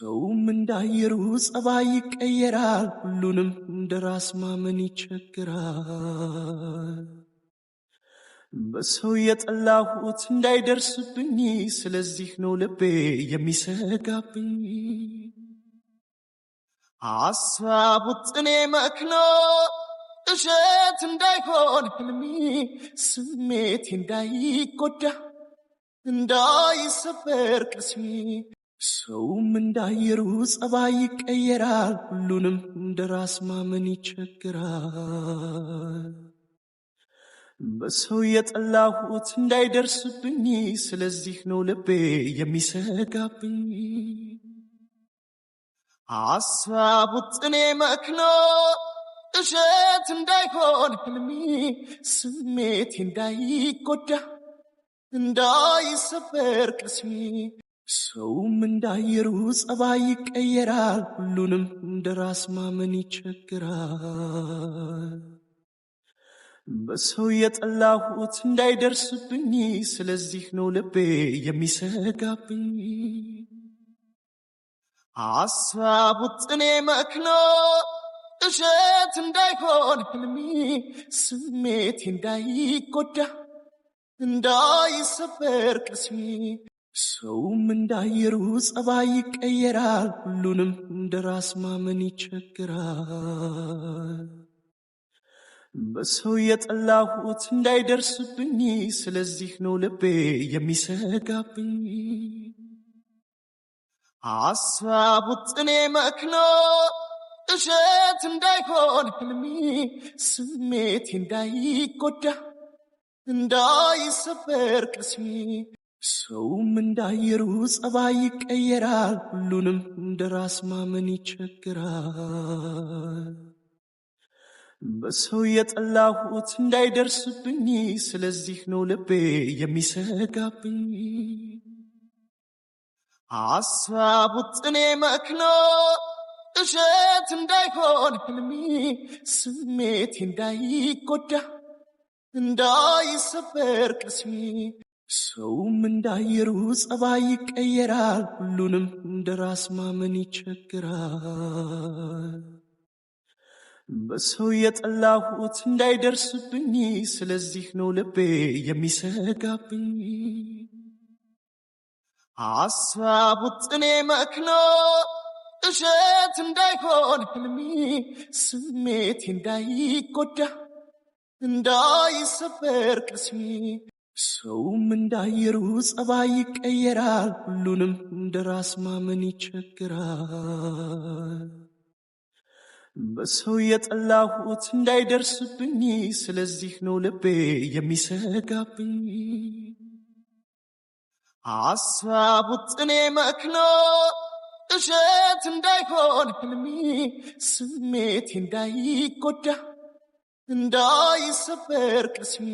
ሰውም እንዳየሩ ጸባይ ይቀየራል። ሁሉንም እንደ ራስ ማመን ይቸግራል። በሰው የጠላሁት እንዳይደርስብኝ፣ ስለዚህ ነው ልቤ የሚሰጋብኝ። ሐሳቡ ጥኔ መክኖ እሸት እንዳይሆን ህልሜ፣ ስሜቴ እንዳይጎዳ እንዳይሰበር ቅስሜ ሰውም እንዳየሩ ጸባይ ይቀየራል። ሁሉንም እንደ ራስ ማመን ይቸግራል። በሰው የጠላሁት እንዳይደርስብኝ፣ ስለዚህ ነው ልቤ የሚሰጋብኝ። ሐሳቡ ጥኔ መክኖ እሸት እንዳይሆን ህልሜ፣ ስሜቴ እንዳይጎዳ እንዳይሰበር ቅስሜ ሰውም እንዳየሩ ጸባይ ይቀየራል። ሁሉንም እንደ ራስ ማመን ይቸግራል። በሰው የጠላሁት እንዳይደርስብኝ፣ ስለዚህ ነው ልቤ የሚሰጋብኝ። ሐሳቡ ጥኔ መክኖ እሸት እንዳይሆን ህልሜ፣ ስሜቴ እንዳይጎዳ እንዳይሰበር ቅስሜ ሰውም እንዳየሩ ጸባይ ይቀየራል። ሁሉንም እንደ ራስ ማመን ይቸግራል። በሰው የጠላሁት እንዳይደርስብኝ፣ ስለዚህ ነው ልቤ የሚሰጋብኝ። ሐሳቡ ጥኔ መክኖ እሸት እንዳይሆን ህልሜ፣ ስሜቴ እንዳይጎዳ እንዳይሰበር ቅስሜ ሰውም እንዳየሩ ጸባይ ይቀየራል። ሁሉንም እንደ ራስ ማመን ይቸግራል። በሰው የጠላሁት እንዳይደርስብኝ፣ ስለዚህ ነው ልቤ የሚሰጋብኝ። ሐሳቡ ጥኔ መክኖ እሸት እንዳይሆን ህልሜ፣ ስሜቴ እንዳይጎዳ እንዳይሰበር ቅስሜ ሰውም እንዳየሩ ጸባይ ይቀየራል። ሁሉንም እንደ ራስ ማመን ይቸግራል። በሰው የጠላሁት እንዳይደርስብኝ፣ ስለዚህ ነው ልቤ የሚሰጋብኝ። ሐሳቡ ጥኔ መክኖ እሸት እንዳይሆን ህልሜ፣ ስሜቴ እንዳይጎዳ እንዳይሰበር ቅስሜ ሰውም እንዳየሩ ጸባይ ይቀየራል። ሁሉንም እንደ ራስ ማመን ይቸግራል። በሰው የጠላሁት እንዳይደርስብኝ፣ ስለዚህ ነው ልቤ የሚሰጋብኝ። ሐሳቡ ጥኔ መክኖ እሸት እንዳይሆን ህልሜ፣ ስሜቴ እንዳይጎዳ እንዳይሰበር ቅስሜ